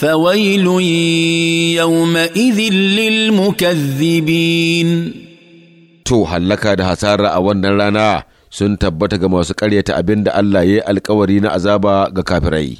فويل يومئذ للمكذبين to hallaka da hasara a wannan rana sun tabbata ga masu ƙaryata abin da Allah ya yi alkawari na azaba ga kafirai.